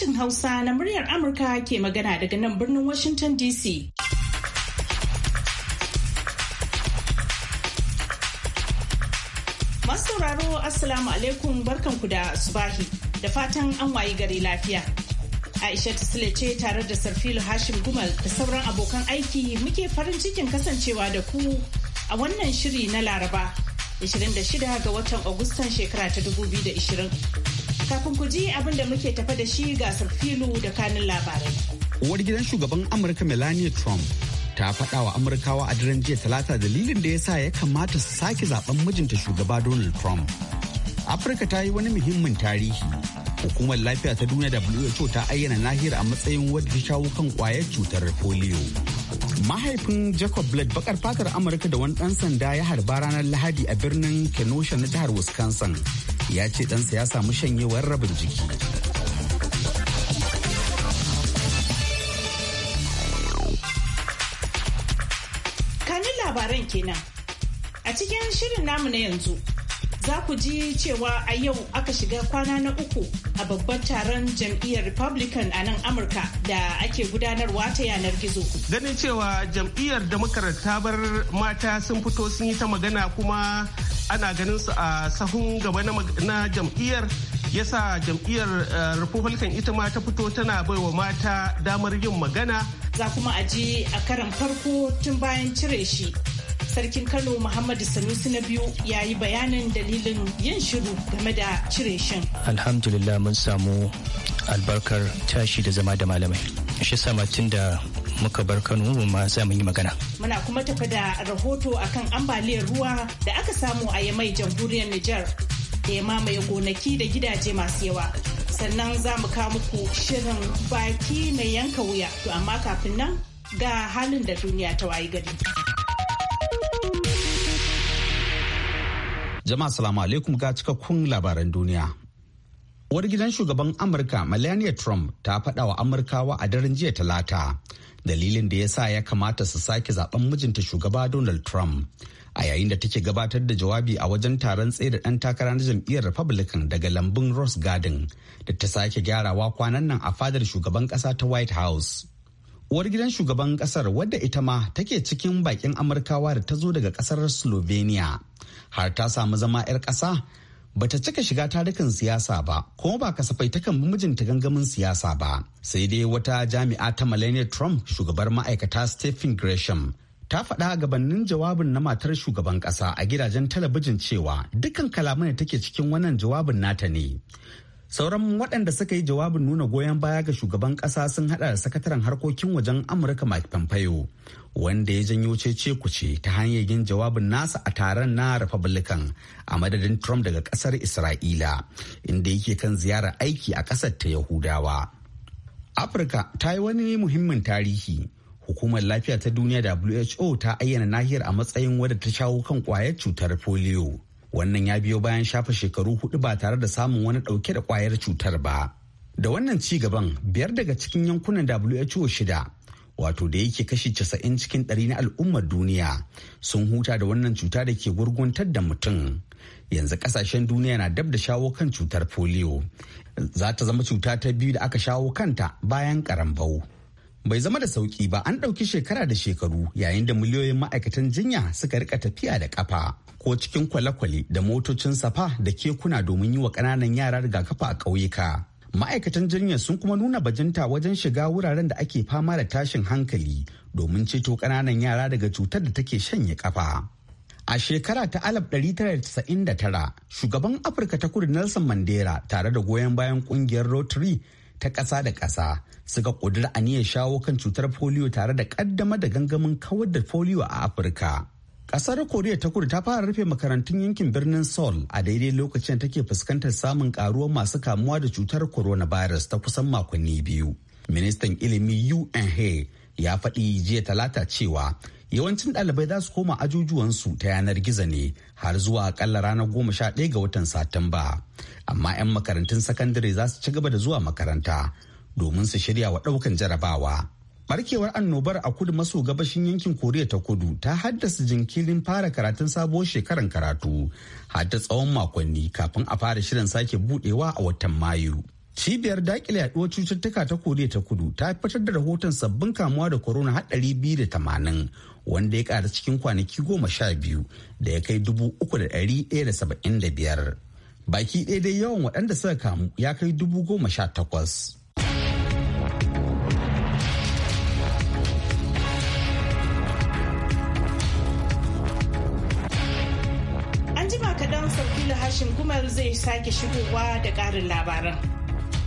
sashen Hausa na muryar Amurka ke magana daga nan birnin Washington DC. Masu sauraro Assalamu alaikum barkanku da subahi da fatan an wayi gari lafiya. Aisha Sule ce tare da Sarfilu Hashim Gumal da sauran abokan aiki muke farin cikin kasancewa da ku a wannan shiri na Laraba 26 ga watan Agustan shekara ta 2020. Kafin ku ji abin da muke tafa da shi ga filu da kanin labarai. Uwar gidan shugaban Amurka Melania Trump ta faɗa wa Amurkawa a daren jiya talata dalilin da ya sa ya kamata su sake zaben mijinta shugaba Donald Trump. Afirka ta yi wani muhimmin tarihi. Hukumar lafiya ta duniya WHO ta ayyana nahiyar a matsayin wadda ta shawo kan kwayar cutar polio. mahaifin jacob blake bakar fatar amurka da wani ɗan sanda ya harba ranar lahadi a birnin kenosha na jihar wisconsin ya ce ɗansa ya samu shanyewar rabin jiki kanin labaran kenan a cikin shirin namu na yanzu za ku ji cewa a yau aka shiga kwana na uku a babbar taron jam'iyyar republican a nan amurka da ake gudanarwa ta yanar gizo ganin cewa jam'iyyar da ta bar mata sun fito sun yi ta magana kuma ana ganin su a sahun gaba na jam'iyyar yasa jam'iyyar eh, republican ita ma ta fito tana baiwa mata damar yin magana za kuma a je a karan farko tun bayan cire shi sarkin kano muhammadu sanusi na biyu ya yi bayanin dalilin yin shiru game da cire shin alhamdulillah mun samu albarkar tashi da zama da malamai shi sama da muka bar Kano mu ma za mun yi magana. Muna kuma tafi da rahoto akan ambaliyar ruwa da aka samu a Yamai jamhuriyar Nijar da ya mamaye gonaki da gidaje masu yawa. Sannan za mu kawo muku shirin baki mai yanka wuya. To amma kafin nan ga halin da duniya ta wayi gari. Jama'a salamu alaikum ga cikakkun labaran duniya. Uwar gidan shugaban Amurka Melania Trump ta faɗa wa Amurkawa a daren jiya talata dalilin da ya sa ya kamata su sake zaben mijinta shugaba Donald Trump. A yayin da take gabatar da jawabi a wajen taron tsaye da ɗan takara na jam'iyyar Republican daga lambun Rose Garden da ta sake gyarawa kwanan nan a fadar shugaban ƙasa ta White House. Uwar gidan shugaban ƙasar wadda ita ma take cikin bakin Amurkawa da ta zo daga ƙasar Slovenia har ta samu zama 'yar ƙasa bata cika shiga tarukan siyasa ba kuma ba kasafai takan mijinta gangamin siyasa ba sai dai wata jami'a ta Melania Trump shugabar ma'aikata Stephen Gresham ta faɗa gabanin jawabin na matar shugaban ƙasa a gidajen talabijin cewa dukkan kalaman da take cikin wannan jawabin nata ne. Sauran waɗanda suka yi jawabin nuna goyon baya ga shugaban ƙasa sun haɗa da sakataren harkokin wajen Amurka Mike Pompeo wanda ya janyo cece ce ta hanyar yin jawabin nasa a taron na republican a madadin trump daga kasar isra'ila inda yake kan ziyarar aiki a kasar ta yahudawa afirka ta yi wani muhimmin tarihi hukumar lafiya ta duniya who ta ayyana nahiyar a matsayin wadda ta shawo kan kwayar cutar polio wannan ya biyo bayan shafa shekaru hudu ba tare da samun wani dauke da kwayar cutar ba da wannan ci gaban biyar daga cikin yankunan who shida wato da yake kashi 90 cikin ɗari na al'ummar duniya sun huta da wannan cuta da ke gurguntar da mutum yanzu kasashen duniya na dab da shawo kan cutar polio za ta zama cuta ta biyu da aka shawo kanta bayan karambau bai zama da sauki ba an ɗauki shekara da shekaru yayin da miliyoyin ma'aikatan jinya suka rika tafiya da kafa ko cikin kwale-kwale da motocin safa da kekuna domin yi wa ƙananan yara rigakafi a ƙauyuka ma'aikatan jirgin sun kuma nuna bajinta wajen shiga wuraren da ake fama da tashin hankali domin ceto ƙananan yara daga cutar da take shanye kafa. A shekara ta 1999, shugaban Afirka ta kudu Nelson Mandela tare da goyon bayan kungiyar Rotary ta ƙasa da ƙasa suka a aniyar shawo kan cutar polio tare da ƙaddamar da gangamin kawar da polio a Afirka. Kasar Koriya ta kudu ta fara rufe makarantun yankin birnin Seoul a daidai lokacin take fuskantar samun karuwar masu kamuwa da cutar coronavirus ta kusan makonni biyu. Ministan ilimi unh ya faɗi jiya talata cewa yawancin ɗalibai za su koma ajujuwansu ta yanar gizo ne har zuwa akalla ranar goma sha ɗaya ga watan Satumba. Amma 'yan makarantun sakandare za su ci gaba da zuwa makaranta domin su shirya wa ɗaukan jarabawa. Barkewar annobar a kudu maso gabashin yankin Koriya ta kudu ta haddasa jinkirin fara karatun sabuwar shekaran karatu har ta tsawon makonni kafin a fara shirin sake budewa a watan Mayu. Cibiyar dakile yaduwar cututtuka ta Koriya ta kudu ta fitar da rahoton sabbin kamuwa da korona har tamanin wanda ya ƙara cikin kwanaki goma sha biyu da ya kai dubu uku da ɗari ɗaya da saba'in da biyar. Baki ɗaya dai yawan waɗanda suka kamu ya kai dubu goma sha takwas. Hashim kuma zai sake shigowa da karin labaran.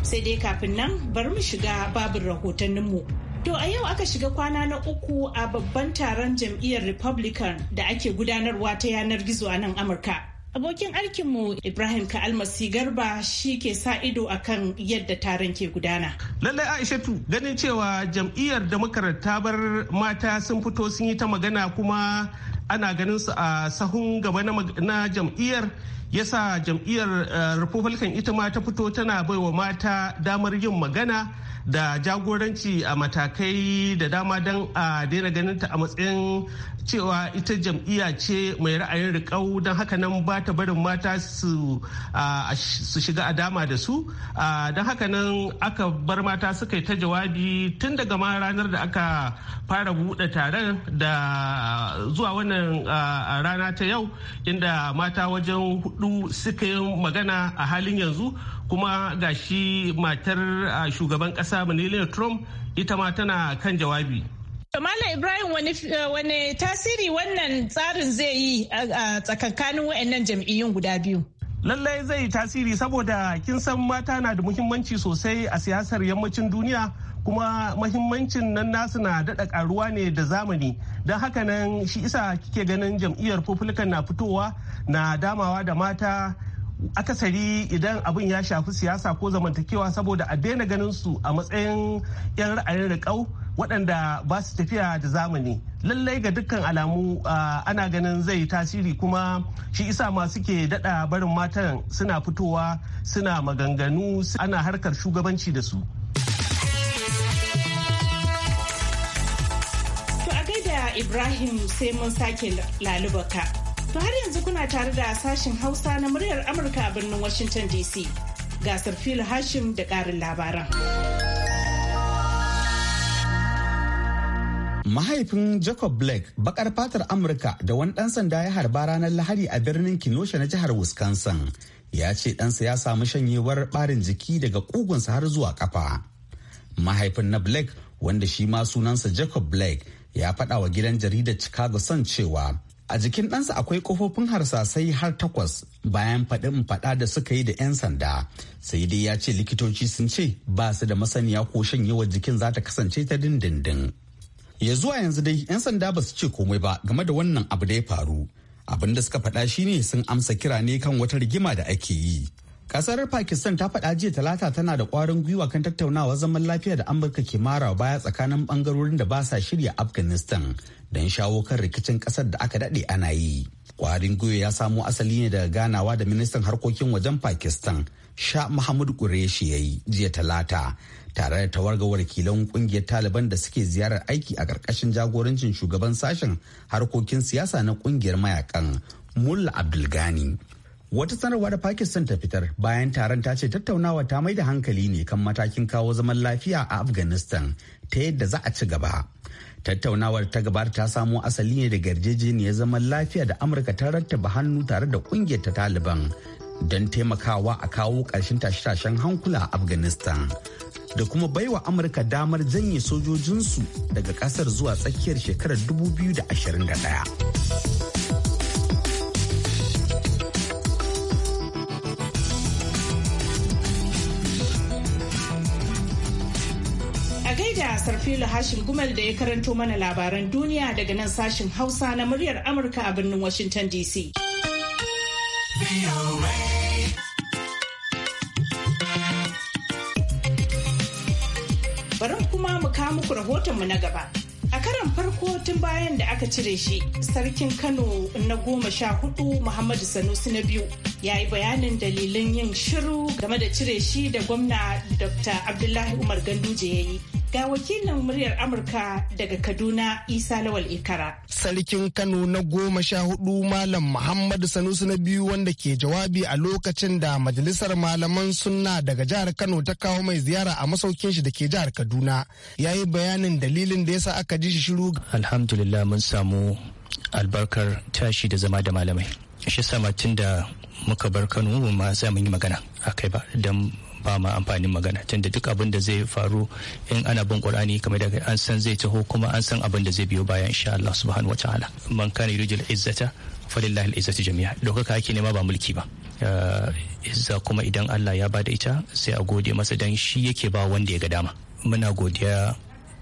Sai dai kafin nan bari mu shiga babin rahotanninmu. To a yau aka shiga kwana na uku a babban taron jam'iyyar Republican da ake gudanarwa ta yanar gizo a nan Amurka. Abokin mu Ibrahim Ka'almasi Garba shi ke sa ido a kan yadda taron ke gudana. Lallai Aishatu ganin cewa jam'iyyar da ta bar mata sun fito sun yi ta magana kuma ana ganin su a sahun gaba na jam'iyyar yasa jam'iyyar eh, republican ita ma ta fito tana baiwa mata damar yin magana da jagoranci a matakai da dama don a daina ganin ta a matsayin cewa ita jam'iyya ce mai ra'ayin rikau don haka nan ba ta barin mata su shiga a dama da su don haka nan aka bar mata suka yi ta jawabi tun daga ma ranar da aka fara buɗe taron da zuwa wannan rana ta yau inda mata wajen hudu suka yi magana a halin yanzu kuma ga shi matar shugaban kasa Melania Trump ita ma tana kan jawabi. Malam Ibrahim eh, wani tasiri wannan tsarin zai yi a tsakankanin waɗannan jam'iyyun guda biyu? lallai zai tasiri saboda kin san mata na da muhimmanci sosai a siyasar yammacin duniya kuma mahimmancin nan nasu na daɗa ƙaruwa ne da zamani don haka nan shi isa kike ganin jam'iyyar republican na fitowa na damawa da mata akasari idan abin ya shafi siyasa ko zamantakewa saboda a daina ganin su a matsayin 'yan ra'ayin riƙau waɗanda ba su tafiya da zamani lallai ga dukkan alamu ana ganin zai tasiri kuma shi isa ma suke daɗa barin matan suna fitowa suna maganganu ana harkar shugabanci da su to a ibrahim sai mun sake lalubaka to har yanzu kuna tare da sashin hausa na muryar amurka a birnin washington dc gasar fil hashim da ƙarin labaran. mahaifin jacob blake bakar fatar amurka da wani dan sanda ya harba ranar lahadi a birnin kinosha na jihar wisconsin ya ce ɗansa ya samu shanyewar ɓarin jiki daga ƙugunsa har zuwa kafa mahaifin na blake wanda shi ma sunansa jacob blake ya faɗa wa gidan jaridar chicago sun cewa a jikin ɗansa akwai kofofin harsasai har takwas bayan faɗin faɗa da suka yi da 'yan sanda sai dai ya ce likitoci sun ce ba su da masaniya ko shanyewar jikin za ta kasance ta dindindin ya zuwa yanzu dai 'yan sanda ba su ce komai ba game da wannan abu da ya faru abin da suka faɗa shine sun amsa kira ne kan wata rigima da ake yi kasar pakistan ta faɗa jiya talata tana da kwarin gwiwa kan tattaunawa zaman lafiya da amurka ke mara baya tsakanin bangarorin da ba sa shirya afghanistan don shawo kan rikicin ƙasar da aka daɗe ana yi ƙwarin gwiwa ya samo asali ne daga ganawa da ministan harkokin wajen pakistan sha mahmud kureshi ya yi jiya talata tare da tawarga wakilan kungiyar taliban da suke ziyarar aiki a ƙarƙashin jagorancin shugaban sashen harkokin siyasa na kungiyar mayakan mulla abdulgani wata sanarwa da pakistan ta fitar bayan taron ta ce tattaunawa ta mai da hankali ne kan matakin kawo zaman lafiya a afghanistan ta yadda za a ci gaba tattaunawar ta gabar ta samo asali ne daga yarjejeniyar zaman lafiya da amurka ta rattaba hannu tare da kungiyar ta taliban don taimakawa a kawo ƙarshen tashe-tashen hankula a afghanistan da kuma baiwa amurka damar janye sojojinsu daga kasar zuwa tsakiyar shekarar 2021 gasar hashim gumel da ya karanto mana labaran duniya daga nan sashin hausa na muryar amurka a birnin washington dc. muku rahotonmu na gaba. A karan farko tun bayan da aka cire shi, sarkin Kano na goma sha hudu Muhammadu Sanusi na biyu ya yi bayanin dalilin yin shiru game da cire shi da gwamna Dr. Abdullahi Umar Ganduje ya yi. Ga wakilin muryar Amurka daga Kaduna Isa Lawal Ikara. Sarkin Kano na goma sha hudu Malam Muhammadu Sanusi na biyu wanda ke jawabi a lokacin da majalisar malaman sunna daga jihar Kano ta kawo mai ziyara a masaukin shi da ke jihar Kaduna. Ya yi bayanin dalilin da yasa aka ji shi shiru. Alhamdulillah mun samu albarkar tashi da zama da malamai. Shi sama tun da muka bar Kano ma za mu yi magana akai ba don ba ma amfanin magana da duk abin da zai faru in ana bin qur'ani kamar da an san zai taho kuma an san abin da zai biyo baya insha Allah subhanahu wataala man kana yurijul izzata falillahi al-izzatu jami'a dokaka ake nema ba mulki ba eh, izza kuma idan Allah ya bada ita sai a gode masa dan shi yake ba wanda ya ga dama muna godiya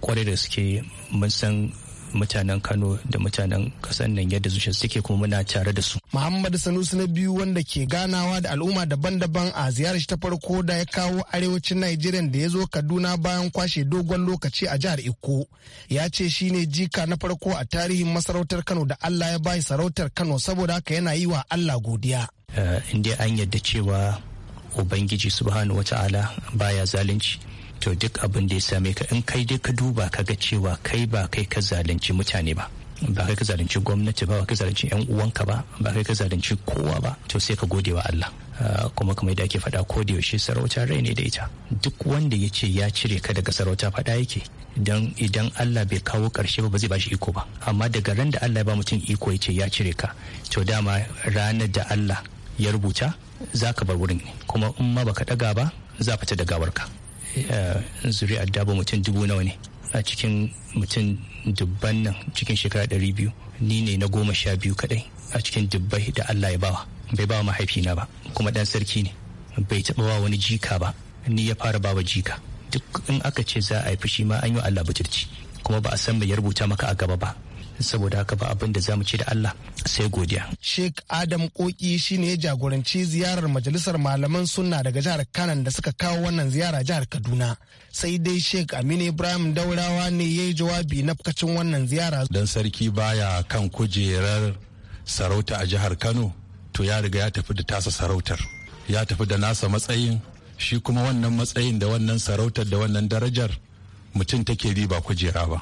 kwarai da suke mun san mutanen kano da mutanen kasan nan yadda zuciya suke kuma muna tare da su muhammad sanusi na biyu wanda ke ganawa da al'umma daban-daban a ziyarar ta farko da ya kawo arewacin nigeria da ya zo kaduna bayan kwashe dogon lokaci a jihar Ikko. ya ce shi ne jika na farko a tarihin masarautar kano da allah ya bayi sarautar kano saboda haka yana yi wa allah godiya eh, in dai an yadda cewa ubangiji subhanahu wa ta'ala baya zalunci to duk abin da ya same ka in kai dai ka duba ka ga cewa kai ba kai ka zalunci mutane ba ba kai ka zalunci gwamnati ba ba kai zalunci yan uwanka ba ba kai ka zalunci kowa ba to sai ka gode wa Allah ah, kuma kamar da ake faɗa ko da yaushe sarauta rai ne da ita duk wanda ya ce ya cire ka daga sarauta faɗa yake dan idan Allah bai kawo ƙarshe ba ba zai bashi iko ba amma daga ran da Allah ya ba mutum iko ya ce ya cire ka to dama ranar da Allah ya rubuta za ka bar wurin kuma in ma baka ɗaga ba za fita da gawarka Eh, zuri'ar dabo mutum dubu nawa ne a cikin mutum dubban nan cikin shekara ɗari biyu ni ne na goma sha biyu kaɗai a cikin dubbai da allah ya bawa bai bawa mahaifina ba kuma ɗan sarki ne bai taɓa wa wani jika ba ni ya fara bawa jika duk in aka ce za a yi fushi ma an yi wa allah butirci kuma ba a san mai ya rubuta maka a gaba ba saboda haka ba abin da za mu ce da Allah sai godiya. Sheikh Adam Koki shine ya jagoranci ziyarar majalisar malaman sunna daga jihar Kanan da suka kawo wannan ziyara jihar Kaduna. Sai dai Sheikh Aminu Ibrahim Daurawa ne ya yi jawabi na kacin wannan ziyara. Dan sarki baya kan kujerar sarauta a jihar Kano to ya riga ya tafi da tasa sarautar. Ya tafi da nasa matsayin shi kuma wannan matsayin da wannan sarautar da wannan darajar mutum take riba kujera ba.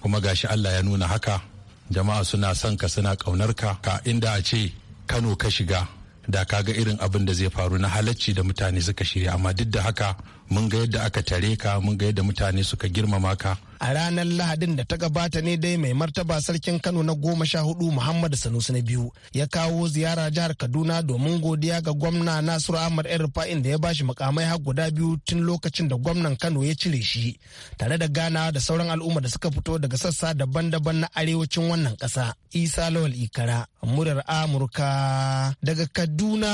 Kuma gashi Allah ya nuna haka jama'a suna son ka suna ƙaunar ka ka inda a ce kano ka shiga da kaga irin abin da zai faru na halacci da mutane suka shirya amma duk da haka mun ga yadda aka tare ka mun ga yadda mutane suka girmama ka a ranar lahadin da ta gabata ne dai mai martaba sarkin kano na goma sha hudu muhammad sanusi na biyu ya kawo ziyara jihar kaduna domin godiya ga gwamna nasiru ahmad yan rufa'in da ya bashi mukamai har guda biyu tun lokacin da gwamnan kano ya cire shi tare da gana da sauran al'umma da suka fito daga sassa daban-daban na arewacin wannan kasa. isa lawal ikara murar amurka daga kaduna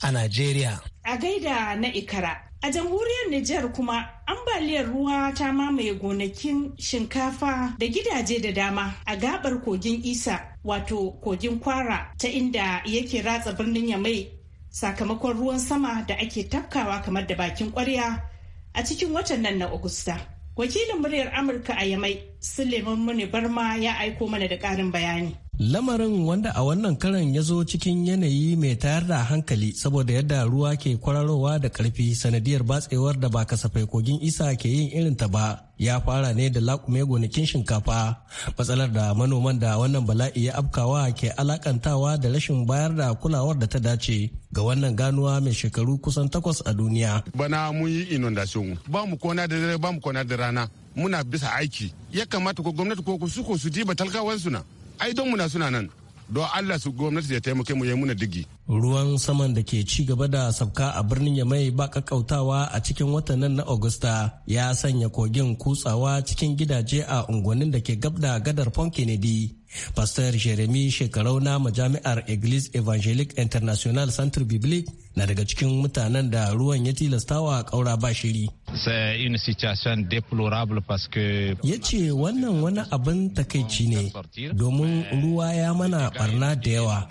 a najeriya a gaida na ikara A jamhuriyar Nijar kuma ambaliyar ruwa ta mamaye gonakin shinkafa da gidaje da dama a gabar kogin Isa wato kogin kwara ta inda yake ratsa birnin Yamai sakamakon ruwan sama da ake tafkawa kamar da bakin kwarya a cikin watan nan na Agusta. Wakilin muryar Amurka a Yamai Suleiman Muni Barma ya aiko mana da ƙarin bayani. Lamarin wanda a wannan karan ya zo cikin yanayi mai tayar da hankali saboda yadda ruwa ke kwararowa da ƙarfi sanadiyar batsewar da ba kasafai kogin isa ke yin irin ta ba ya fara ne da lakume gonakin shinkafa matsalar da manoman da wannan bala'i ya afkawa ke alakantawa da rashin bayar da kulawar da ta dace ga wannan ganuwa mai shekaru kusan takwas a duniya. Bana mun yi inundation ba mu kona da dare ba mu kona da rana muna bisa aiki ya kamata ko gwamnati ko su ko su diba talkawansu na ai don muna suna nan don Allah su gwamnati ya taimake mu ya muna digi. Ruwan saman da ke ci gaba da sabka a birnin ya mai ba kakkautawa a cikin watan nan na Agusta ya sanya kogin kutsawa cikin gidaje a unguwannin da ke gabda da gadar Pon Kennedy. Pastor Jeremy shekarau na majami'ar Eglise evangelic International Centre Biblique na daga cikin mutanen da ruwan ya tilastawa ƙaura ba shiri. Ya ce wannan wani abin takaici ne domin ruwa ya mana barna da yawa.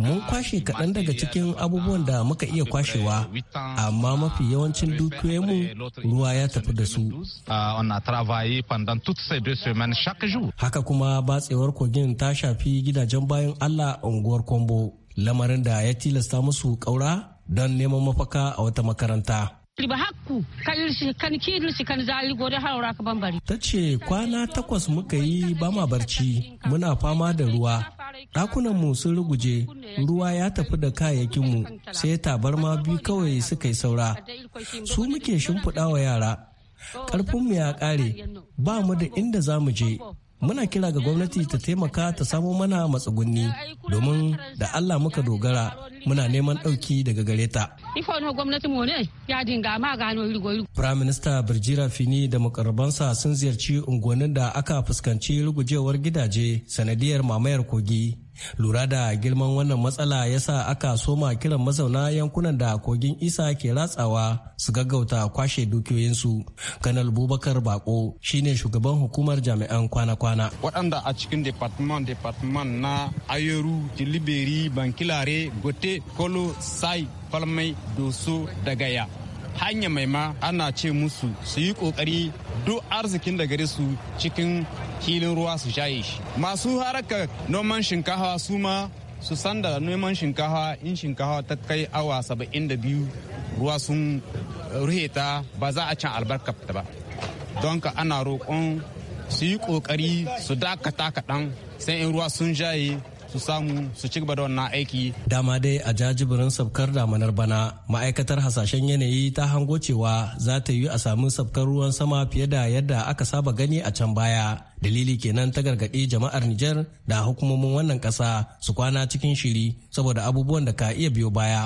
Mun kwashe kaɗan daga cikin abubuwan da muka iya kwashewa, amma mafi yawancin dukiyoyinmu ruwa ya tafi da su. Ah, Haka kuma batsewar kogin ta shafi gidajen bayan Allah unguwar Kwambo. lamarin da ya tilasta musu ƙaura don neman mafaka a wata makaranta. hakku kan Ta ce kwana takwas muka yi ba ma barci muna fama da ruwa. Ɗakunanmu sun ruguje ruwa ya tafi da kayayyakinmu sai tabarma biyu kawai suka yi saura. Su muke shimfiɗa wa yara. Ƙarfinmu ya ƙare ba mu da inda za mu je muna kira ga gwamnati ta taimaka ta samo mana matsugunni domin da Allah muka dogara muna neman ɗauki daga gare ta. Prime Minister Birjira Fini da makarabansa sun ziyarci unguwannin da aka fuskanci rugujewar gidaje sanadiyar mamayar kogi lura da girman wannan matsala ya sa aka soma kiran mazauna yankunan da kogin isa ke ratsawa su gaggauta kwashe dukiyoyinsu kanal bubakar bako shine shugaban hukumar jami'an kwana-kwana waɗanda a cikin department department na ayeru tilibiri bankilare gote kolo sai falmai doso da gaya hanya mai ma ana ce musu su yi kokari duk arzikin da gare su cikin filin ruwa su shaye shi masu haraka noman shinkafa su ma su sanda da neman shinkafa in shinkafa ta kai awa 72 ruwa sun ruhe ba za a can albarka ta ba don ka ana roƙon su yi ƙoƙari su dakata kaɗan sai in ruwa sun jaye su samu su ci gaba da wannan aiki. Dama dai a jajibirin sabkar damanar bana ma'aikatar hasashen yanayi ta hango cewa za ta yi a samu sabkar ruwan sama fiye da yadda aka saba gani a can baya. Dalili kenan ta gargaɗi jama'ar Nijar da hukumomin wannan ƙasa su kwana cikin shiri saboda abubuwan da ka iya biyo baya.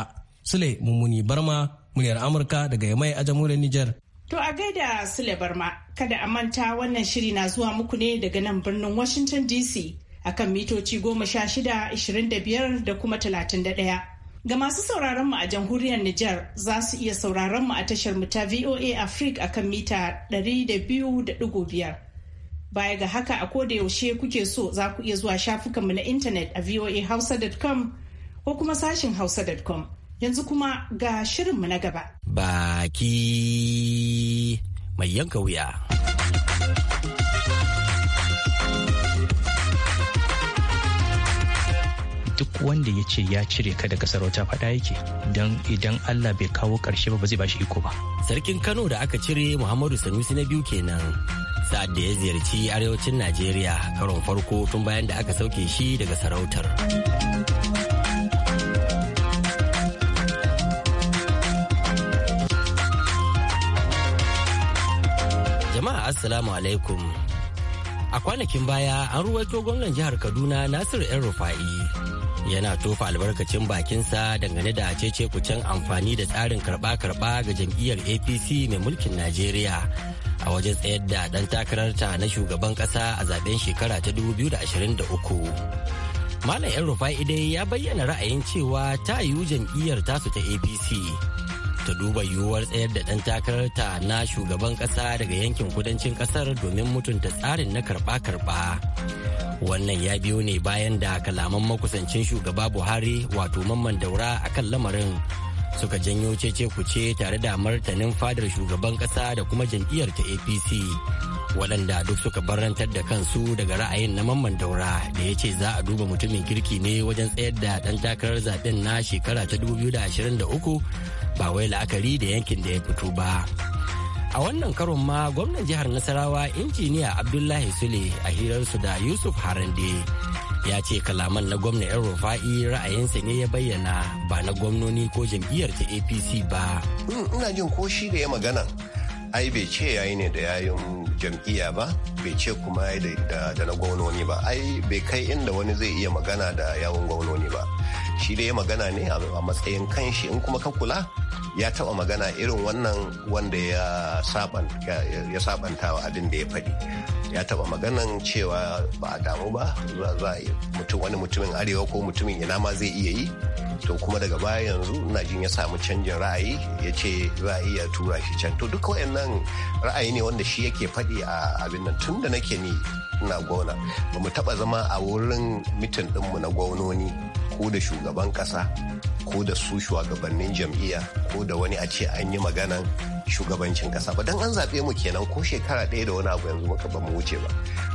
Sule Mummuni Barma, muryar Amurka daga Yamai a jamhuriyar Nijar. To a gaida Sule Barma, kada a manta wannan shiri na zuwa muku ne daga nan birnin Washington DC akan mitoci goma sha shida da kuma talatin da ɗaya. Ga masu sauraron mu a jamhuriyar Nijar za su iya sauraron mu a tashar mu ta VOA Africa akan mita ɗari da da Baya ga haka a koda yaushe kuke so za ku iya zuwa shafukanmu na intanet a voahausa.com ko kuma sashin hausa.com. Yanzu kuma ga shirinmu na gaba. Baki mai yanka wuya. duk wanda ya ce ya cire ka daga sarauta fada yake don idan Allah bai kawo ƙarshe ba zai bashi iko ba. Sarkin Kano da aka cire Muhammadu Sanusi na biyu kenan. Sa'ad da ya ziyarci arewacin Najeriya karon farko tun bayan da aka sauke shi daga sarautar. Jama'a Assalamu alaikum. A kwanakin baya an ruwaito gwamnan jihar Kaduna Nasiru ‘yan Rufa'i yana tofa albarkacin bakinsa dangane da cece kucen amfani da tsarin karba-karba ga jam'iyyar APC mai mulkin Najeriya a wajen tsayar da ɗan takararta na shugaban ƙasa a zaben shekara ta 2023. Malam ‘yan Rufa'i dai ya bayyana ra'ayin cewa ta yiwu jam'iyyar tasu ta APC ta duba yiwuwar tsayar da ɗan takararta na shugaban ƙasa daga yankin kudancin ƙasar domin mutunta tsarin na karɓa-karɓa. Wannan ya biyo ne bayan da kalaman makusancin shugaba Buhari wato mamman daura akan lamarin suka janyo cece kuce tare da martanin fadar shugaban kasa da kuma jam'iyyar ta apc waɗanda duk suka barantar da kansu daga ra'ayin na mamman daura da ya ce za a duba mutumin kirki ne wajen tsayar da ɗan takarar zaɓen na shekara ta 2023 ba wai la'akari da yankin da ya fito ba. A wannan karon ma gwamnan jihar Nasarawa injiniya Abdullahi Sule a hirarsu da Yusuf Harande ya ce kalaman na gwamna yan rufa'i ra'ayinsa ne ya bayyana ba na gwamnoni ko jam'iyyar ta APC ba. Hmm, ina jin ko shi da ya magana. Ai bai ce yayi ne da yayin jam'iyya ba, bai ce kuma da na gwamnoni ba. Ai bai kai inda wani zai iya magana da yawun gwamnoni ba. shi da ya magana ne a matsayin kanshi in kuma ka kula ya taba magana irin wannan wanda ya sabanta wa abin da ya faɗi ya taba maganan cewa ba a damu ba za a mutum wani mutumin arewa ko mutumin ina ma zai iya yi to kuma daga baya yanzu ina jin ya samu canjin ra'ayi ya ce za a iya tura shi can to duka wayannan ra'ayi ne wanda shi yake faɗi a abin nan tun da nake ni na gona ba mu taba zama a wurin mitin ɗinmu na gwaunoni ko da shugaban kasa ko da su shugabannin jam'iyya ko da wani a ce an yi maganan shugabancin kasa ba don an zaɓe mu kenan ko shekara ɗaya da wani abu yanzu muka ba mu wuce ba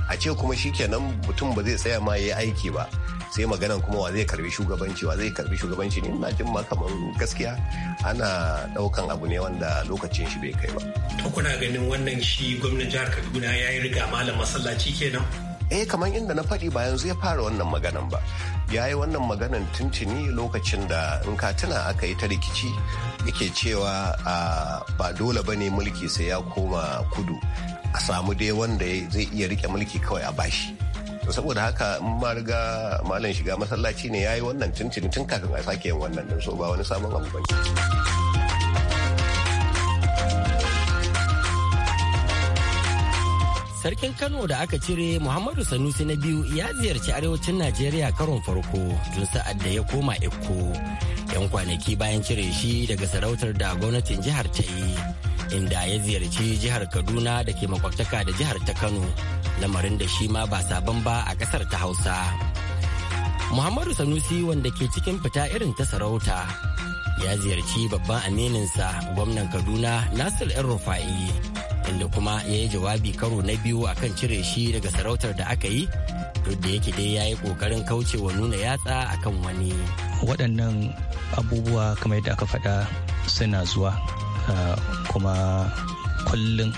a ce kuma shi kenan mutum ba zai tsaya ma ya yi aiki ba sai maganan kuma wa zai karbi shugabanci wa zai karbi shugabanci ne na jin ma kamar gaskiya ana ɗaukan abu ne wanda lokacin shi bai kai ba. to kuna ganin wannan shi gwamnan jihar kaduna ya yi riga malam masallaci kenan. eh kamar inda na faɗi ba yanzu ya fara wannan maganan ba ya yi wannan maganan tuntuni lokacin da in ka tuna aka yi ta rikici yake cewa ba dole ba ne mulki sai ya koma kudu a samu dai wanda zai iya rike mulki kawai a bashi saboda haka in ma riga malam shiga masallaci ne ya yi wannan tuntuni tun kafin a sake yin wannan din so ba wani sabon abu ba sarkin kano da aka cire muhammadu sanusi na biyu ya ziyarci arewacin najeriya karon farko tun sa'ad da ya koma eko yan kwanaki bayan cire shi daga sarautar da gwamnatin jihar ta yi inda ya ziyarci jihar kaduna da ke makwabtaka da jihar ta kano lamarin da shi ma ba sabon ba a kasar ta hausa muhammadu sanusi wanda ke cikin fita irin ta sarauta ya ziyarci babban amininsa gwamnan kaduna nasir el rufa'i inda kuma ya yi jawabi karo na biyu akan cire shi daga sarautar da aka yi duk da yake dai ya yi kokarin kaucewa nuna yatsa akan wani waɗannan abubuwa kamar yadda aka faɗa suna zuwa ah, kuma kullum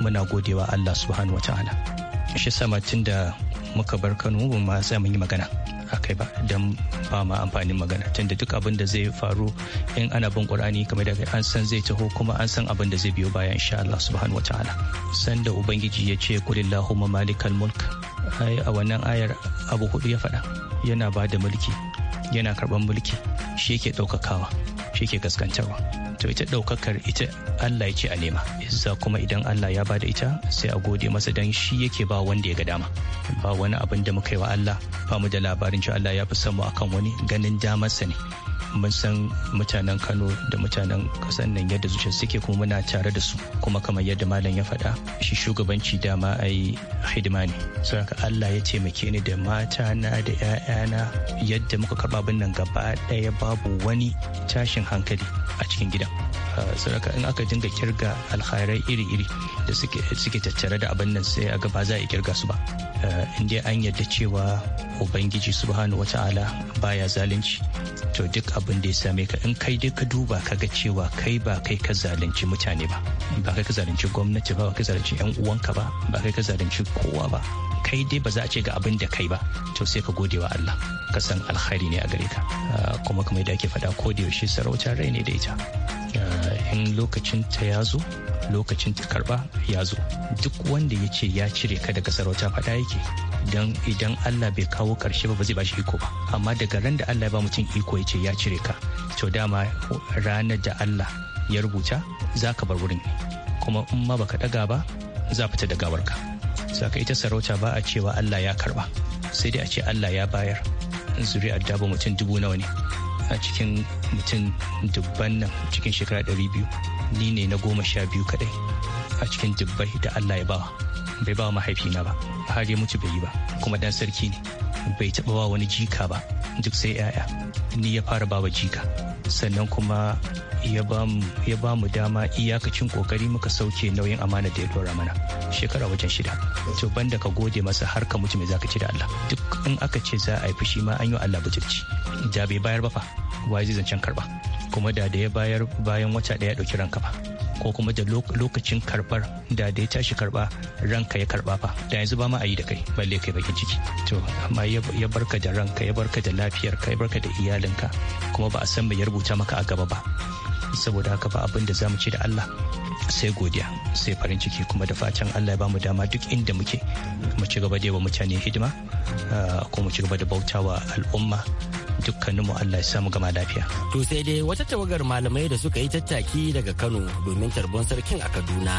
muna godewa allah subhanahu wa ta'ala shi sama tun da muka bar kano mu ma sai mun yi magana a kai ba don ba ma amfanin magana tunda duk abin da zai faru in ana bin qur'ani kamar da an san zai taho kuma an san abin da zai biyo baya insha Allah subhanahu wataala sanda ubangiji ya ce kulillahu malikal mulk ai a wannan ayar abu hudu ya faɗa yana ba da mulki yana karban mulki shi yake ɗaukakawa shi ke gaskantarwa to ita ɗaukakar ita allah yake a nema isa kuma idan allah ya bada ita sai a gode masa dan shi yake ba wanda ya ga dama ba wani abin da muka yi wa allah ba mu da labarin cewa allah ya fi son mu akan wani ganin damarsa ne mun san mutanen kano da mutanen kasan nan yadda zuciya suke kuma muna tare da su kuma kamar yadda malam ya faɗa shi shugabanci dama ai hidima ne saboda allah ya taimake ni da mata na da na yadda muka karɓa abin nan gaba ɗaya babu wani tashin hankali a cikin gidan ah, saboda in aka dinga kirga alkhairai iri-iri da suke tattare da abin nan sai a gaba za a kirga su ba ah, in dai an yadda cewa ubangiji subhanahu wata'ala baya zalunci to duk abin abin da ya same ka in kai dai ka duba ka ga cewa kai ba kai ka zalunci mutane ba ba kai ka zalunci gwamnati ba ba kai zalunci yan uwanka ba ba kai ka zalunci kowa ba kai dai ba za a ce ga abin da kai ba to sai ka gode wa Allah ka san alkhairi ne a gare ka ah, kuma kamar da ake faɗa ko da yaushe sarautar rai ne da ita ah, in lokacin ta ya zo lokacin karba ya zo duk wanda ya ce ya cire ka daga sarauta fada yake don idan Allah bai kawo karshe ba ba zai ba shi iko ba amma daga ran da Allah ya ba mutum iko ya ce ya cire ka to dama ranar da Allah ya rubuta za ka bar wurin kuma in ma baka daga ba za fita da gawar gawarka saka ita sarauta ba a cewa Allah ya karba sai dai a ce Allah ya bayar zuri'ar dabo mutum dubu nawa ne a cikin mutum dubban nan cikin shekara ɗari biyu ni ne na goma sha biyu kadai a cikin dubbai da Allah ya bawa bai ba mahaifina ba har ya mutu bai yi ba kuma dan sarki ne bai taba ba wani jika ba duk sai yaya ni ya fara bawa jika sannan kuma ya ba mu dama iyakacin kokari muka sauke nauyin amana da ya dora mana shekara wajen shida to banda ka gode masa har ka mutu mai zaka ci da Allah duk in aka ce za a yi fushi ma an yi Allah bujirci da bai bayar ba fa wai zai zancen karba kuma da da ya bayar bayan wata daya ɗauki ranka ba ko kuma da lokacin karbar da da ya tashi karba ranka ya karba fa da yanzu ba ma a yi da kai balle kai bakin ciki to amma ya barka da ranka ya barka da lafiyar ka ya barka da iyalinka kuma ba a san mai ya rubuta maka a gaba ba saboda haka ba abin da zamu mu ce da Allah sai godiya sai farin ciki kuma da fatan allah ya bamu dama duk inda muke mu ci gaba da mutane hidima ah, ko mu ci gaba da bautawa al'umma dukkaninmu Allah ya samu gama lafiya. To sai dai wata tawagar malamai da suka yi tattaki daga Kano domin tarbon sarkin a Kaduna.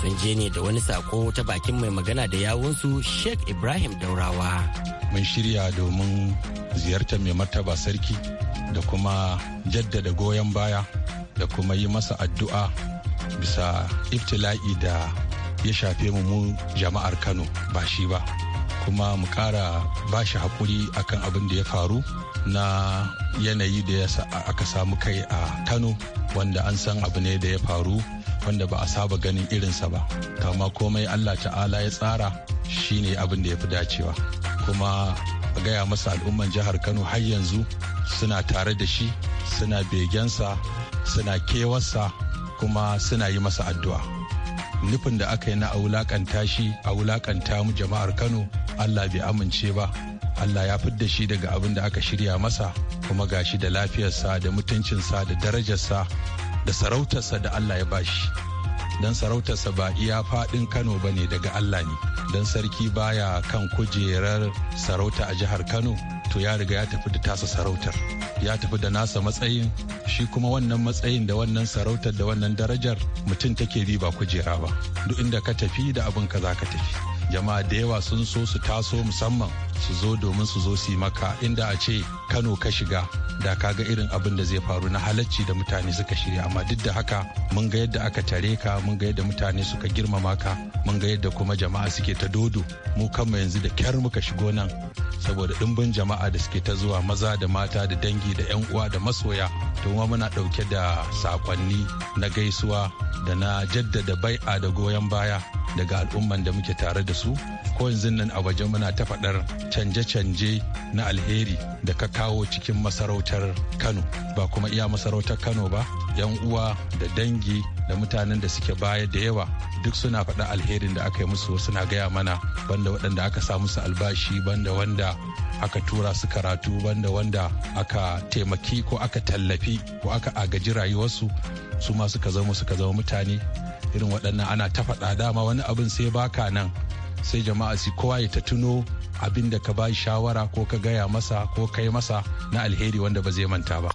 Sun je ne da wani sako ta bakin mai magana da yawunsu Sheikh Ibrahim Daurawa. Mun shirya domin ziyartar mai martaba sarki da kuma jaddada goyon baya da kuma yi masa addu'a bisa iftila'i da ya shafe mu mu jama'ar kano ba shi ba kuma mu kara ba shi haƙuri akan abin da ya faru na yanayi da ya aka samu kai a kano wanda an san abu ne da ya faru wanda ba a saba ganin irinsa ba kama komai allah ta'ala ya tsara shi ne abin da ya fi dacewa kuma a gaya masa al'umman jihar kano har yanzu suna tare da shi suna begensa suna kewarsa kuma suna yi masa addu'a nufin da aka yi na a wulakanta shi a wulaƙanta mu jama'ar kano allah bai amince ba allah ya fidda shi daga abin da aka shirya masa kuma gashi da lafiyarsa da mutuncinsa da darajarsa da sarautarsa da allah ya ba shi. don sarautarsa ba iya faɗin kano ba ne daga allah ne don sarki baya kan kujerar sarauta a jihar kano to ya riga ya tafi da tasa sarautar ya tafi da nasa matsayin shi kuma wannan matsayin da wannan sarautar da wannan darajar mutum take ba kujera ba duk inda ka tafi da abin ka za ka tafi jama'a da yawa sun so su taso musamman su zo domin su zo su yi maka inda a ce kano ka shiga da kaga irin abin da zai faru na halacci da mutane suka shirya amma duk da haka mun ga yadda aka tare ka mun ga yadda mutane suka girmama ka mun ga yadda kuma jama'a suke ta dodo mu kanmu yanzu da kyar muka shigo nan saboda dimbin jama'a da suke ta zuwa maza da mata da dangi da 'yan uwa da masoya to kuma muna ɗauke da sakonni na gaisuwa da na jaddada bai'a da goyon baya daga al'umman da muke tare da su ko yanzu nan a waje muna ta faɗar canje-canje na alheri da ka kawo cikin masarautar kano ba kuma iya masarautar kano ba yan uwa da dangi da mutanen da suke baya da yawa duk suna faɗa alherin da aka yi musu suna gaya mana banda waɗanda aka sa musu albashi banda wanda aka tura su karatu banda wanda aka taimaki ko aka tallafi ko aka agaji rayuwarsu su ma suka zama suka zama mutane irin waɗannan ana ta faɗa dama wani abin sai baka nan sai jama'a su kowa ya ta tuno abin da ka ba shawara ko ka gaya masa ko ka yi masa na alheri wanda ba zai manta ba.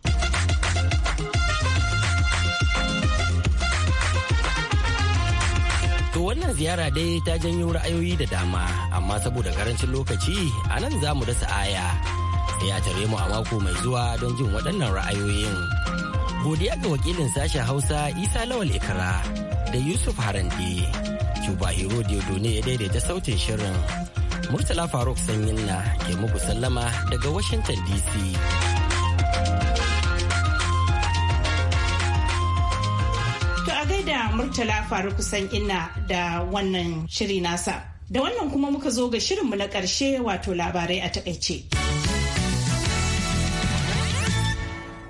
To wannan ziyara dai ta janyo ra'ayoyi da dama, amma saboda karancin lokaci a nan za mu dasa aya. Sai tare mu a mako mai zuwa don jin waɗannan ra'ayoyin. Godiya ga wakilin sashen Hausa Isa Lawal Ikra da Yusuf Harande. Cuba Hero Diodone ya daidaita sautin shirin. Murtala Faruk Sanyin ke muku sallama daga Washington DC. To a gaida Murtala Faruk Sanyin da wannan shiri nasa. Da wannan kuma muka zo ga shirinmu na ƙarshe wato labarai a takaice.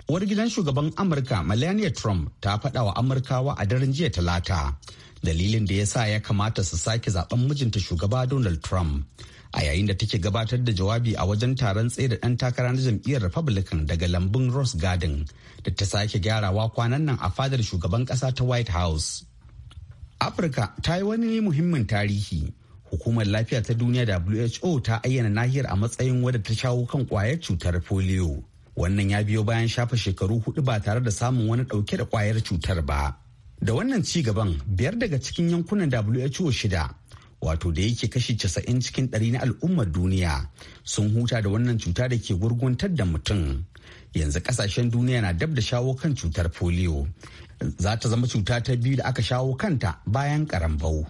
uwar shugaban amurka melania trump ta faɗa wa amurkawa a daren jiya talata dalilin da ya sa ya kamata su sake zaben mijinta shugaba Donald Trump. A yayin da take gabatar da jawabi a wajen taron tsaye da ɗan takara na jam'iyyar Republican daga lambun Rose Garden da ta sake gyarawa kwanan nan a fadar shugaban ƙasa ta White House. Afirka ta yi wani muhimmin tarihi. Hukumar lafiya ta duniya WHO ta ayyana nahiyar a matsayin wadda ta shawo kan kwayar cutar polio. Wannan ya biyo bayan shafa shekaru hudu ba tare da samun wani ɗauke da kwayar cutar ba. da wannan ci gaban biyar daga cikin yankunan who shida wato da yake kashi casa'in cikin ɗari na al'ummar duniya sun huta da wannan cuta da ke gurguntar da mutum yanzu ƙasashen duniya na dab da shawo kan cutar polio za ta zama cuta ta biyu da aka shawo kanta bayan karambau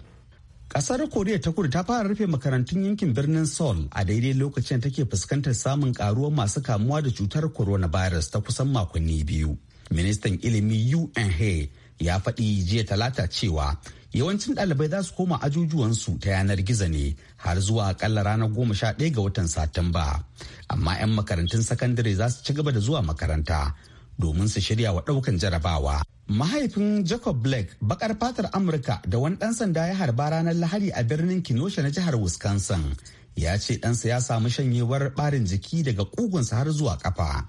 Ƙasar koriya ta kudu ta fara rufe makarantun yankin birnin seoul a daidai lokacin da take fuskantar samun karuwar masu kamuwa da cutar coronavirus ta kusan makonni biyu ministan ilimi unh ya faɗi jiya talata cewa yawancin ɗalibai za su koma ajujuwansu ta yanar gizo ne har zuwa akalla ranar goma sha ɗaya ga watan satumba amma 'yan makarantun sakandare za su ci gaba da zuwa makaranta domin su shirya wa ɗaukan jarabawa mahaifin jacob blake bakar fatar amurka da wani ɗan sanda ya harba ranar lahadi a birnin kinosha na jihar wisconsin ya ce ɗansa ya samu shanyewar ɓarin jiki daga ƙugunsa har zuwa ƙafa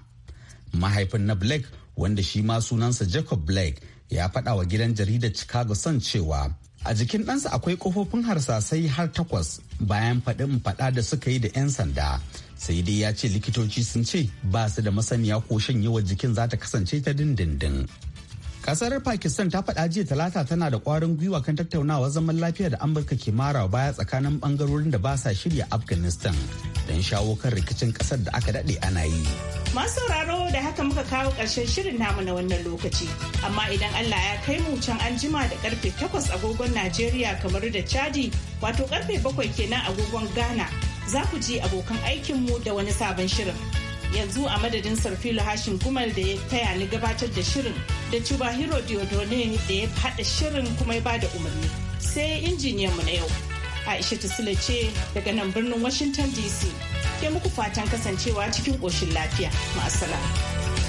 mahaifin na blake wanda shi ma sunansa jacob blake ya faɗa wa gidan jaridar chicago sun cewa a jikin ɗansa akwai kofofin harsasai har takwas bayan faɗin faɗa da suka yi da 'yan sanda sai dai ya ce likitoci sun ce ba su da masaniya ko shanyewa jikin za ta kasance ta dindindin kasar pakistan ta faɗa jiya talata tana da ƙwarin gwiwa kan tattaunawa zaman lafiya da amurka ke mara baya tsakanin ɓangarorin da ba sa shirya afghanistan don shawo kan rikicin ƙasar da aka daɗe ana yi masu da haka muka kawo ƙarshen shirin namu na wannan lokaci. Amma idan Allah ya kai mu can an jima da karfe takwas agogon Najeriya kamar da Chadi wato karfe bakwai kenan agogon Ghana za ku ji abokan aikinmu da wani sabon shirin. Yanzu a madadin Sarfilo Hashin Gumal da ya taya ni gabatar da shirin da Cuba Hero Diodone da ya haɗa shirin kuma ya bada umarni. Sai injiniyanmu na yau. Aisha sule ce daga nan birnin Washington DC. Ke muku fatan kasancewa cikin ƙoshin lafiya. Ma'asala.